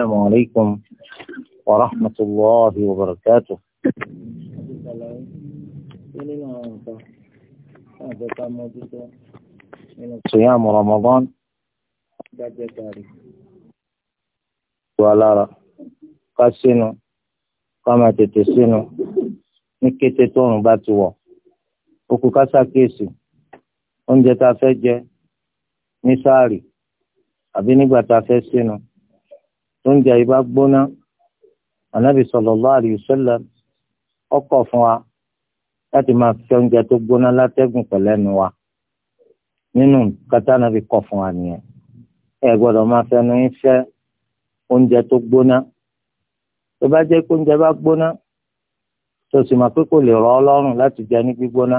السلام عليكم ورحمة الله وبركاته صيام رمضان ولا قسنو kama tètè sínú ní kété tóòrùn bá ti wọ̀ okù kásákèsì oúnjẹ tá a fẹ́ jẹ ní sáàrì àbí nígbà oúnjẹ yìí bá gbóná anabi sallallahu alayhi wa sallam ó kọ̀ fún wa láti máa fi oúnjẹ tó gbóná látẹ́gùn pẹ̀lẹ́nu wa nínú kata anabi kọ̀ fún wa nìyẹn ẹ gbọ́dọ̀ máa fẹnu yín fẹ́ oúnjẹ tó gbóná tó bá jẹ́ pé oúnjẹ bá gbóná tó sì máa pé kò lè rọ̀ ọ́ láti jẹ ní gbígbóná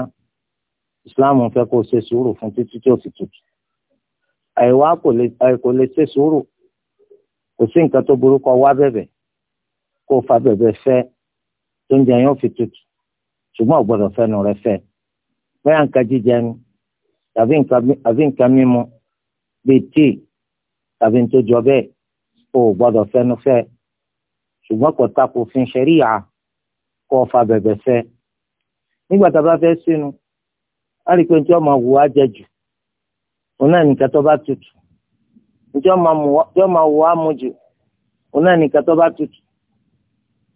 ìsìláàmù fẹ́ kó ṣe sùúrù fún títí tí fi tutù àìwá kò lè ṣe sùúrù kò sí nǹkan tó burú kó wá bẹ̀bẹ̀ kó fa bẹ̀bẹ̀ fẹ́ tó ń jẹ yóò fi tutù ṣùgbọ́n ò gbọ́dọ̀ fẹ́nu rẹ fẹ́ bẹ́ẹ̀ nǹkan jíjẹ ni tàbí nǹkan mímu bíi tíì tàbí tó jọ bẹ́ẹ̀ ò gbọ́dọ̀ fẹ́nu fẹ́ ṣùgbọ́n kò tako fi ṣẹ̀ríyà kó fa bẹ̀bẹ̀ fẹ́ nígbà tá a bá fẹ́ sínú a rí i pé tí ọmọ wù á jẹ jù òun náà nìkan tó bá tutù ìjọ máa wọ amójú òun náà nìkan tó bá tutù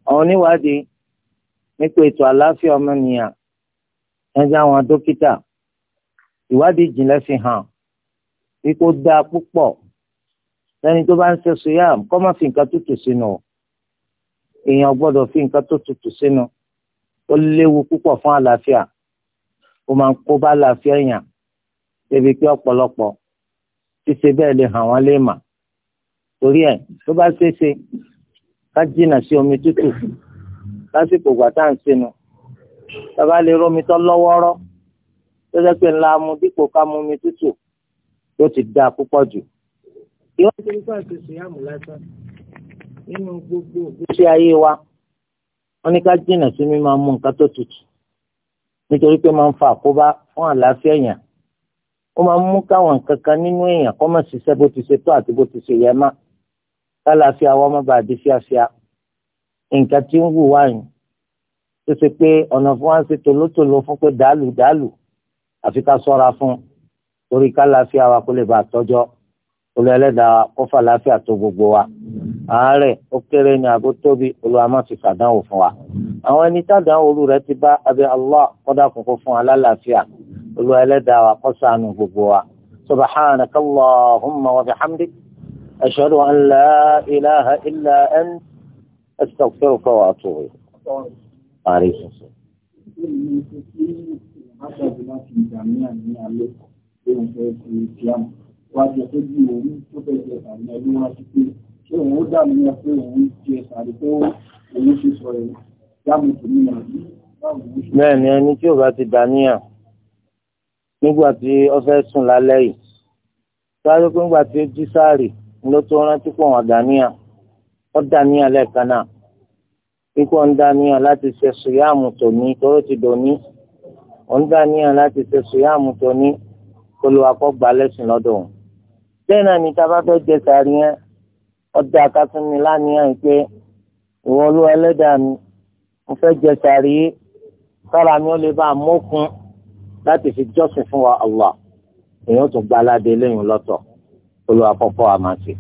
àwọn oníwádìí nípa ètò àlàáfíà ọmọnìyàn ẹjẹ àwọn dókítà ìwádìí ìjìnlẹ̀ fi hàn ipò dáa púpọ̀ lẹ́ni tó bá ń ṣe sùyàm kó má fi nǹkan tútù sínú èèyàn gbọ́dọ̀ fi nǹkan tó tútù sínú ó léwu púpọ̀ fún àlàáfíà ó máa ń kó bá àlàáfíà èèyàn débi pé ọ̀pọ̀lọpọ̀ ṣíṣe bẹ́ẹ̀ lè hàn wọ́n lè mà torí ẹ̀ tó bá ṣeéṣe ká jìnnà sí omi tútù lásìkò ìgbà tá à ń sinu bàbá lè rómi tọ́ lọ́wọ́rọ́ tó jẹ́ pé ńlá mu dípò ká mu omi tútù yóò ti dáa púpọ̀ jù. ìwọ́n ti rí fún àtúnṣe àmú lásán nínú gbogbo ìgbésí ayé wa wọ́n ní ká jìnnà sí mímọ́ mú nǹkan tó tutù nítorí pé máa ń fa àkóbá fún àlàáfíà yẹn ó máa ń mú káwọn kankan nínú èèyàn kọ́ mọ̀ ṣiṣẹ́ bó ti ṣe tó àti bó ti ṣe yẹ má kálàáfíà wọn má bàa di fíafíà nǹkan tí ń wù wáyìn tó ṣe pé ọ̀nà fún wa ń ṣe tòlótòló fún pé dàálù dàálù àfi ká sọ́ra fún torí kálàáfíà wa kó lè bàa tọ́jọ́ olú ẹlẹ́dàá kó tó gbogbo wa àárẹ̀ ó kéré ní àgó tóbi olúwa má fi fún wa àwọn ẹni tádàá olú rẹ ti bá abẹ́ Allah kọ́dà kókó fún alálàáfíà. الولد وقصان الجبوة سبحانك اللهم وبحمدك أشهد أن لا إله إلا أن أستغفرك عليه وأطوه عليك من يعني جو بات دانيا nígbà tí ó fẹ́ sùn lálẹ́ yìí sáré pé nígbà tí ó jí sáàrì ló tó rántí pọ̀ wọn dàníyà ó dàníyà lẹ́ẹ̀kan náà pípọ̀ ń dàníyà láti ṣe sùyàmù tòní tóró ti dòní ó ń dàníyà láti ṣe sùyàmù tòní olùwàkọ́gbà lẹ́sìn lọ́dọ̀ òun. lẹ́yìn náà ni tá a bá fẹ́ jẹ sàárì yẹn ó dá a ká tún ní láníyàn pé ìwọ olú ẹlẹ́dàá mi mo fẹ́ jẹ sàárì yìí sára mi ó lè bá a mókun láti fi jọ́sìn fún wa Allah èèyàn tún gba aládé lẹ́yìn lọ́tọ̀ olùwàkọ́kọ́ àmàṣe.